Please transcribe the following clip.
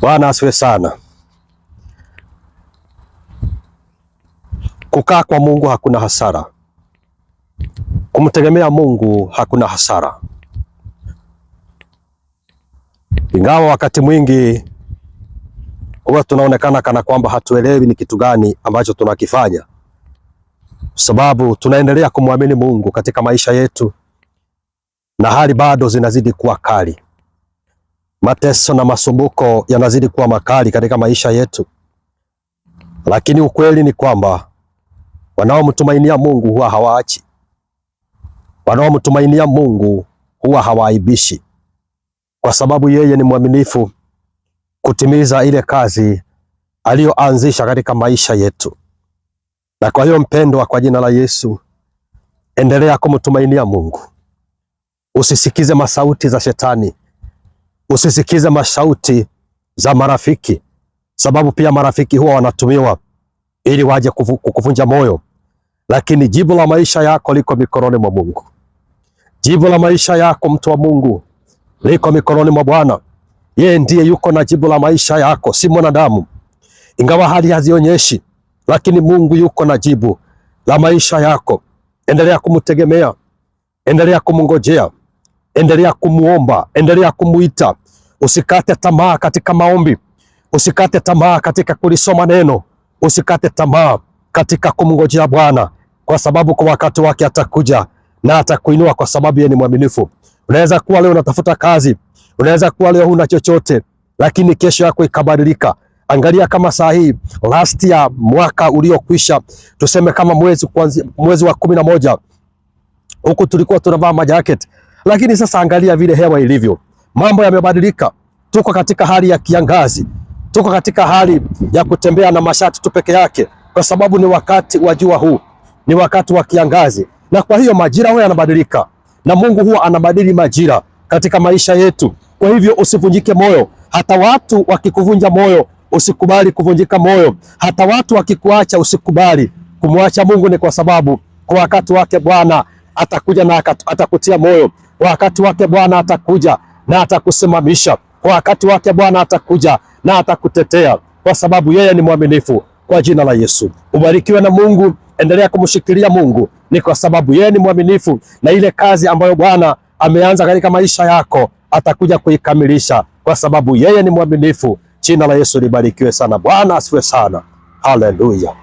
Bwana asifiwe sana. Kukaa kwa Mungu hakuna hasara, kumtegemea Mungu hakuna hasara, ingawa wakati mwingi huwa tunaonekana kana kwamba hatuelewi ni kitu gani ambacho tunakifanya, sababu tunaendelea kumwamini Mungu katika maisha yetu na hali bado zinazidi kuwa kali mateso na masumbuko yanazidi kuwa makali katika maisha yetu, lakini ukweli ni kwamba wanaomtumainia Mungu huwa hawaachi, wanaomtumainia Mungu huwa hawaibishi, kwa sababu yeye ni mwaminifu kutimiza ile kazi aliyoanzisha katika maisha yetu. Na kwa hiyo mpendwa, kwa jina la Yesu, endelea kumtumainia Mungu, usisikize masauti za shetani Usisikize mashauti za marafiki, sababu pia marafiki huwa wanatumiwa ili waje kukuvunja moyo, lakini jibu la maisha yako liko mikononi mwa Mungu. Jibu la maisha yako mtu wa Mungu liko mikononi mwa Bwana. Yeye ndiye yuko na jibu la maisha yako, si mwanadamu. Ingawa hali hazionyeshi, lakini Mungu yuko na jibu la maisha yako. Endelea kumtegemea, endelea kumngojea endelea kumuomba, endelea kumuita. Usikate tamaa katika maombi, usikate tamaa katika kulisoma neno, usikate tamaa katika kumngojea Bwana, kwa sababu kwa wakati wake atakuja na atakuinua, kwa sababu yeye ni mwaminifu. Unaweza kuwa leo unatafuta kazi, unaweza kuwa leo huna chochote, lakini kesho yako ikabadilika. Angalia kama saa hii last ya mwaka uliokwisha, tuseme kama mwezi, kwanzi, mwezi wa kumi na moja, huku tulikuwa tunavaa majacket lakini sasa angalia vile hewa ilivyo, mambo yamebadilika. Tuko katika hali ya kiangazi, tuko katika hali ya kutembea na mashati tu peke yake, kwa sababu ni wakati wa jua, huu ni wakati wa kiangazi, na kwa hiyo majira huwa yanabadilika, na Mungu huwa anabadili majira katika maisha yetu. Kwa hivyo usivunjike moyo, hata watu wakikuvunja moyo usikubali kuvunjika moyo, hata watu wakikuacha usikubali kumwacha Mungu, ni kwa sababu kwa wakati wake Bwana atakuja na atakutia moyo. Kwa wakati wake Bwana atakuja na atakusimamisha. Kwa wakati wake Bwana atakuja na atakutetea, kwa sababu yeye ni mwaminifu. Kwa jina la Yesu ubarikiwe na Mungu. Endelea kumshikilia Mungu, ni kwa sababu yeye ni mwaminifu, na ile kazi ambayo Bwana ameanza katika maisha yako atakuja kuikamilisha, kwa sababu yeye ni mwaminifu. Jina la Yesu libarikiwe sana. Bwana asifiwe sana. Haleluya.